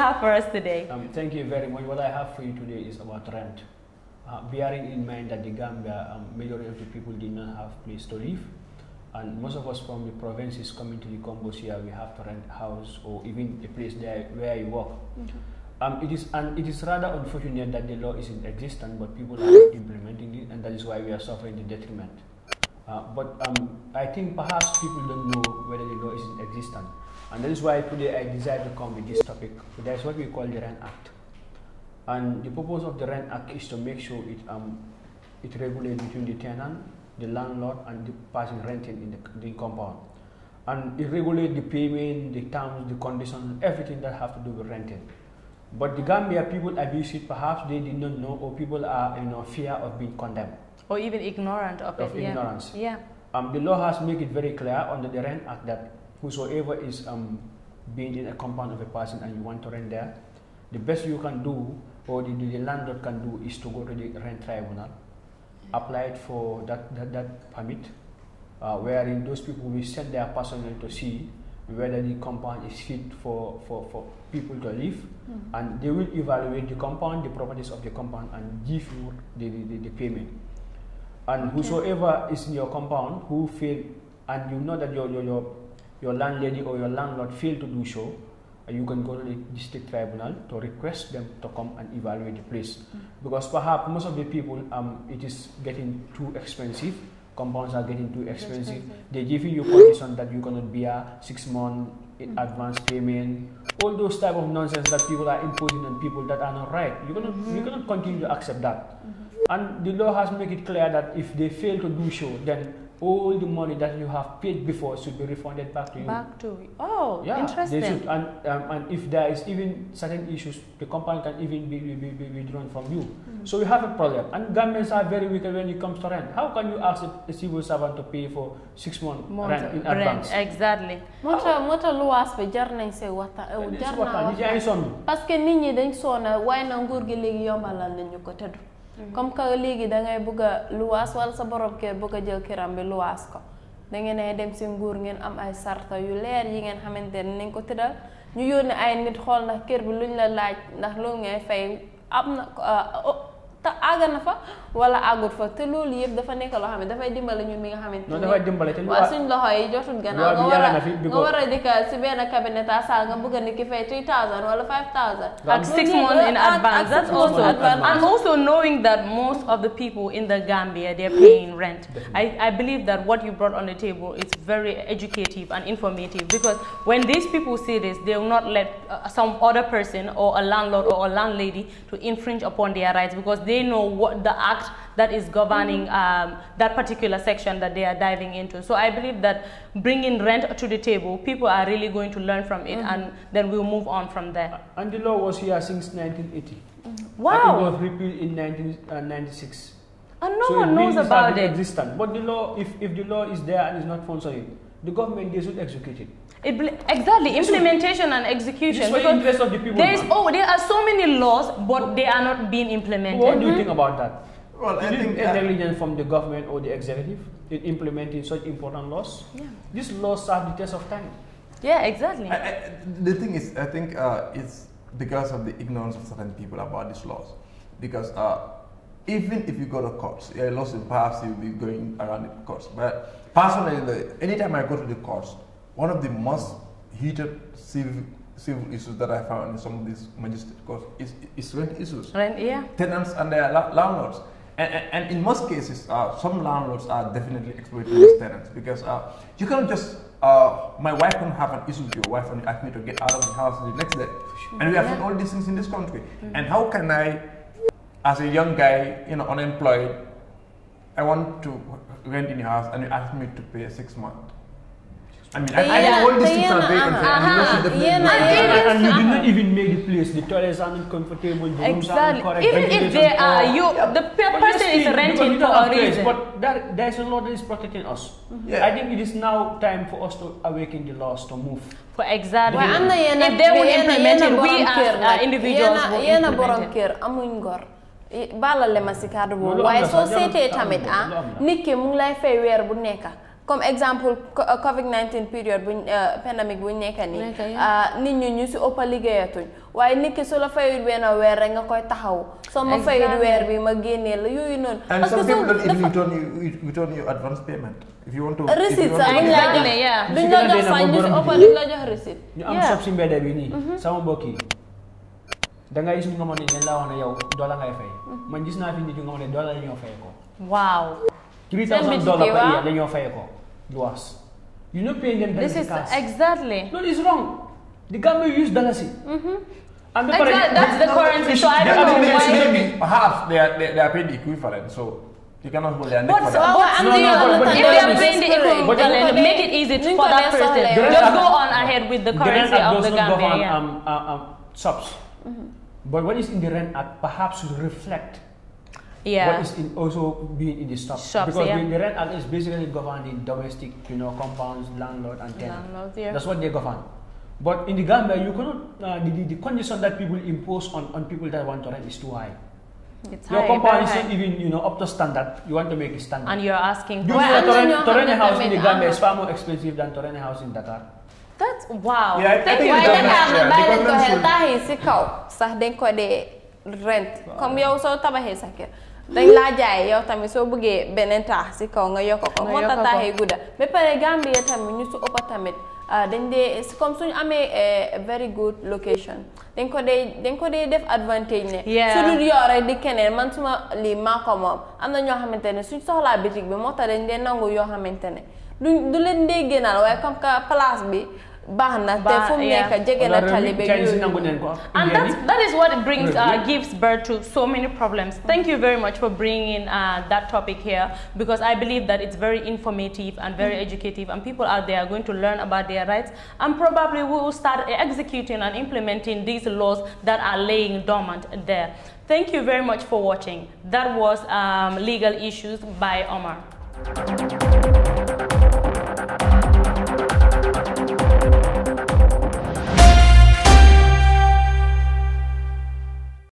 have for us today? Um, thank you very much. What I have for you today is about rent. Uh, bearing in mind that the Gambia, um, majority of the people did not have place to live, and most of us from the provinces coming to the Combs here, we have to rent a house or even a place there where you work. Mm -hmm. Um, it is and it is rather unfortunate that the law is in existence, but people are not implementing it, and that is why we are suffering the detriment. Uh, but um, I think perhaps people don't know whether the law is in existence. And that is why today I decided to come with this topic. that's what we call the rent Act. And the purpose of the rent Act is to make sure it, um, it regulates between the tenant, the landlord, and the person renting in the, the compound. And it regulates the payment, the terms, the conditions, everything that have to do with renting. But the Gambia people abuse it. Perhaps they did not know, or people are you know fear of being condemned, or even ignorant of, of it. ignorance. Yeah. Um, the law has made it very clear under the rent Act that whosoever is um, being in a compound of a person and you want to rent there, the best you can do or the, the landlord can do is to go to the rent tribunal, apply for that, that, that permit, uh, wherein those people will send their personnel to see whether the compound is fit for, for, for people to live mm -hmm. and they will evaluate the compound, the properties of the compound and give you the, the, the payment. And okay. whosoever is in your compound who fail and you know that your, your, your your landlady or your landlord fail to do so, uh, you can go to the district tribunal to request them to come and evaluate the place. Mm. Because perhaps most of the people, um, it is getting too expensive. Compounds are getting too expensive. they give you condition that you cannot a six month mm. advance payment. All those type of nonsense that people are imposing on people that are not right. You cannot, mm mm-hmm. you cannot continue to accept that. -hmm. And the law has made it clear that if they fail to do so, then all the money that you have paid before should be refunded back to you. Back to you. Oh, yeah, interesting. They should. And, um, and if there is even certain issues, the company can even be, be, be withdrawn from you. Mm -hmm. So you have a problem. And governments are very wicked when it comes to rent. How can you ask a civil servant to pay for six months rent in advance? Rent, exactly. Mota mota luas pe jar nañ say wata eh, jar na. Parce que nit ñi dañ sona way na nguur gi légui yombalal nañ Mm-hmm. comme que léegi da ngay bëgg a luwaas wala sa borom kër bëgg a jël këram bi luwaas ko da ngeen ay dem si nguur ngeen am ay sarta yu leer yi ngeen xamante ne nañ ko tëddal ñu yónni ay nit xool ndax kër bi luñ la laaj ndax loolu ngay fay am na ko ah, te aga na fa wala àggut fa te loolu yëpp dafa nekk loo xam ne dafay dimbale ñun mi nga xamante ne dafay dimbale te waaw suñ loxo yi jotul gannaaw nga war a nga war a dikk si cabinet à saa nga bëgg ni ki fay 3000 wala 5000. ak six months in advance that's also and also knowing that most of the people in the Gambia they're paying rent I I believe that what you brought on the table is very educative and informative because when these people see this they will not let uh, some other person or a landlord or a landlady to infringe upon their rights because they know what the act that is governing um, that particular section that they are diving into. So I believe that bringing rent to the table, people are really going to learn from it, mm -hmm. and then we'll move on from there. And the law was here since 1980. Mm-hmm. Wow. And it was repealed in 1996. Uh, and ah, no so one knows about it. Existent. But the law, if, if the law is there and is not functioning, the government they should execute it. It, exactly, implementation and execution. This of the people. There is oh, there are so many laws, but they are not being implemented. What do you mm-hmm. think about that? Well, I think negligence from the government or the executive in implementing such important laws. Yeah. These laws are the test of time. Yeah, exactly. I, I, the thing is, I think uh, it's because of the ignorance of certain people about these laws, because. Uh, even if you go to courts, you're lost perhaps you'll be going around the courts. But personally, the, anytime I go to the courts, one of the most heated civil civil issues that I found in some of these magistrate courts is, is rent issues. Rent, yeah. Tenants and their la landlords. And, and, in most cases, uh, some landlords are definitely exploiting these tenants because uh, you cannot just, uh, my wife can have an issue with your wife and ask me to get out of the house the next day. And we have yeah. all these things in this country. Mm. And how can I, as a young guy, you know, unemployed, I want to rent in your house and you ask me to pay six months I mean, I, yeah. I all these things are very unfair. Uh -huh. yeah, yeah, yeah. And you uh-huh, did not even make the place. The toilets aren't comfortable. The exactly. rooms aren't correct. Even if they are, you yeah. the person is renting for a reason. But that, there's a law that is protecting us. Mm -hmm. yeah. I think it is now time for us to awaken the laws to move. For exactly. Well, if they would implement it, we as uh, individuals will implement it. balal le ma si cadre boobu waaye soo seetee tamit ah nit ki mu ngi lay fay weer bu nekk comme exemple uh, Covid 19 période buñ uh, pandemic bu nekk ah nit ñu ñu ci ëpp ligéyatuñ waye nit ki su la fayul benn weer rek nga koy taxaw. so ma fayul weer bi ma génné la yoyu non parce que we you advance payment. if you want to receipt sax duñ la jox duñ la jox sax ñu si ëpp duñ la jox receipt. ñu am sob si mbedd bi mhm. sama mbokk yi da ngay gis ñu nga mën wax ne yow doola ngay fay. man gis naa fi nit ñu nga mën la ñoo fay ko. waaw. 3000 dollars par year ko. Luas. You're not paying them This is exactly. No, it's wrong. The government use dollars. Mm-hmm. And the exactly. that's the currency. So I don't know why. Perhaps they are they, they are paying the equivalent. So you cannot hold their neck but, for that. no, no, but, if they are paying the equivalent, make it easy for that person. Just go on ahead with the currency the of the Gambia. yeah. um, uh, um, subs. Mm-hmm. But what is in the rent act uh, perhaps reflect yeah. what is in also being in the shop. Shops, because yeah. the Rent Act is basically governed in domestic, you know, compounds, landlord and tenant. Landlord, yeah. That's what they govern. But in the Gambia, you cannot, uh, the, the, condition that people impose on, on people that want to rent is too high. It's your high, compound is not even, you know, up to standard. You want to make it standard. And you're asking You well, to rent, to rent a house in the Gambia is far more expensive than to rent a house in Dakar. That's wow. Yeah, I, Thank I think you. Waaye Dakar moom bàyyi nañ ko xel taax yi rent. dañ laa jaay yow tamit soo bëggee beneen taax si kaw nga yokk ko moo tax taax yi gudda ba pare Gambie tamit ñu su ëpp tamit ah, dañ dee comme suñu amee eh, very good location dañ ko dee dañ ko dee def advantage ne su dul yow rek di keneen man suma lii maa ko moom am na ñoo xamante ne suñ soxlaa bitig bi moo tax dañ dee nangu yoo xamante ne du du leen dee gënal waaye comme que place bi baax na Yeah, jege na and that's, that is what brings uh, gives birth to so many problems thank you very much for bringing uh, that topic here because I believe that it's very informative and very mm-hmm. educative and people out there are going to learn about their rights and probably we will start executing and implementing these laws that are laying dormant there thank you very much for watching that was um, legal issues by Omar